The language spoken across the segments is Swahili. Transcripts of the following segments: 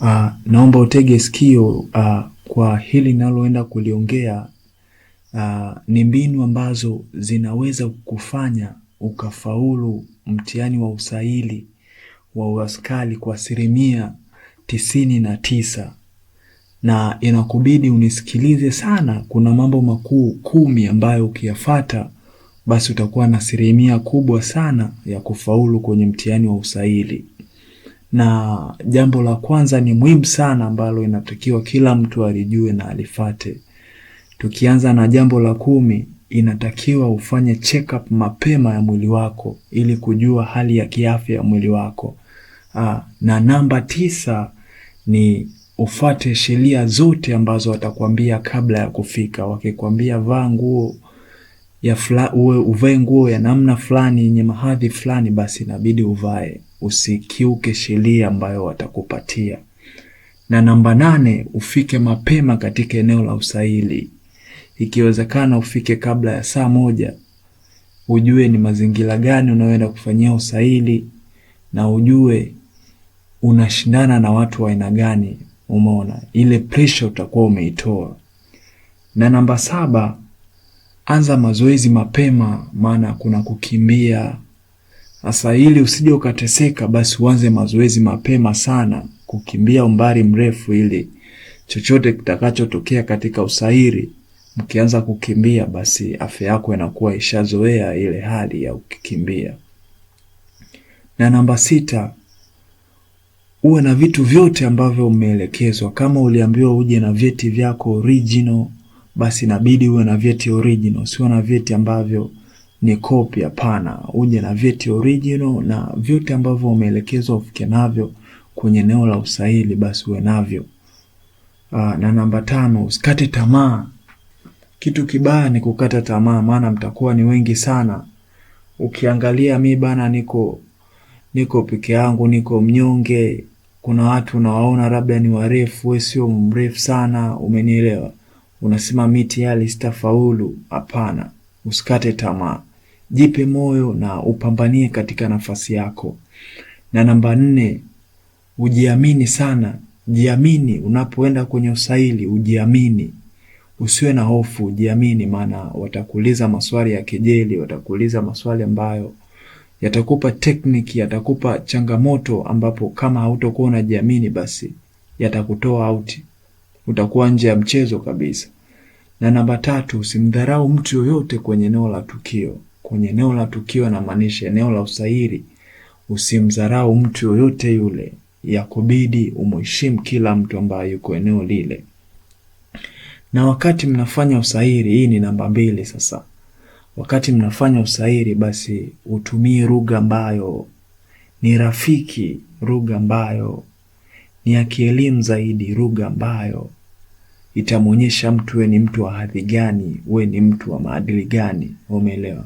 Uh, naomba utege sikio uh, kwa hili naloenda kuliongea. Uh, ni mbinu ambazo zinaweza kukufanya ukafaulu mtihani wa usaili wa uaskari kwa asilimia tisini na tisa na inakubidi unisikilize sana. Kuna mambo makuu kumi ambayo ukiyafata basi utakuwa na asilimia kubwa sana ya kufaulu kwenye mtihani wa usaili na jambo la kwanza ni muhimu sana ambalo inatakiwa kila mtu alijue na alifate. Tukianza na jambo la kumi, inatakiwa ufanye check up mapema ya mwili wako ili kujua hali ya kiafya ya mwili wako. Aa, ah, na namba tisa ni ufate sheria zote ambazo watakwambia kabla ya kufika. Wakikwambia vaa nguo ya uwe uvae nguo ya namna fulani yenye mahadhi fulani, basi inabidi uvae usikiuke sheria ambayo watakupatia. Na namba nane, ufike mapema katika eneo la usaili, ikiwezekana ufike kabla ya saa moja, ujue ni mazingira gani unaoenda kufanyia usaili na ujue unashindana na watu wa aina gani. Umeona ile pressure utakuwa umeitoa. Na namba saba, anza mazoezi mapema, maana kuna kukimbia sasa ili usije ukateseka, basi uanze mazoezi mapema sana, kukimbia umbali mrefu, ili chochote kitakachotokea katika usairi, mkianza kukimbia, basi afya yako inakuwa ishazoea ile hali ya ukikimbia. Na namba sita, uwe na vitu vyote ambavyo umeelekezwa. Kama uliambiwa uje na vyeti vyako original, basi inabidi uwe na vyeti original, sio na vyeti ambavyo ni kopi, hapana. Uje na vyeti original na vyote ambavyo umeelekezwa ufike navyo kwenye eneo la usaili, basi uwe navyo. Aa, ah, na namba tano, usikate tamaa. Kitu kibaya ni kukata tamaa, maana mtakuwa ni wengi sana. Ukiangalia mi bana, niko niko peke yangu, niko mnyonge. Kuna watu unawaona labda ni warefu, wewe sio mrefu sana, umenielewa? Unasema miti yale sitafaulu. Hapana usikate tamaa, jipe moyo na upambanie katika nafasi yako. Na namba nne, ujiamini sana. Jiamini unapoenda kwenye usaili, ujiamini, usiwe na hofu, jiamini, maana watakuuliza maswali ya kejeli, watakuuliza maswali ambayo yatakupa tekniki, yatakupa changamoto, ambapo kama hautokuwa unajiamini, basi yatakutoa auti, utakuwa nje ya mchezo kabisa. Na namba tatu, usimdharau mtu yoyote kwenye eneo la tukio. Kwenye eneo la tukio anamaanisha eneo la usairi, usimdharau mtu yoyote yule, yakubidi umheshimu kila mtu ambaye yuko eneo lile. Na wakati mnafanya usairi, hii ni namba mbili sasa. Wakati mnafanya usairi, basi utumie lugha ambayo ni rafiki, lugha ambayo ni ya kielimu zaidi, lugha ambayo itamwonyesha mtu we ni mtu wa hadhi gani, we ni mtu wa maadili gani. Umeelewa?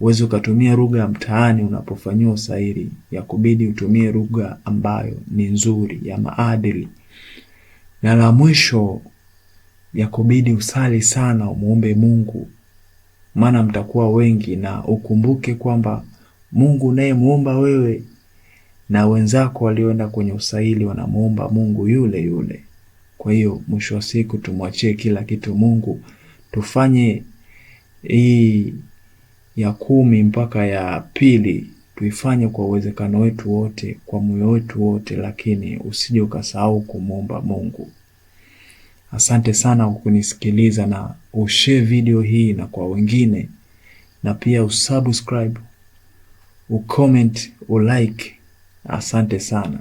Uweze ukatumia lugha ya mtaani unapofanyiwa usairi, ya kubidi utumie lugha ambayo ni nzuri ya maadili. Na la mwisho, ya kubidi usali sana, umuombe Mungu, maana mtakuwa wengi, na ukumbuke kwamba Mungu naye muomba wewe na wenzako walioenda kwenye usaili wanamuomba Mungu yule yule. Kwa hiyo mwisho wa siku tumwachie kila kitu Mungu, tufanye hii ya kumi mpaka ya pili tuifanye kwa uwezekano wetu wote, kwa moyo wetu wote, lakini usije ukasahau kumwomba Mungu. Asante sana kwa kunisikiliza, na ushare video hii na kwa wengine, na pia usubscribe, ucomment, ulike. Asante sana.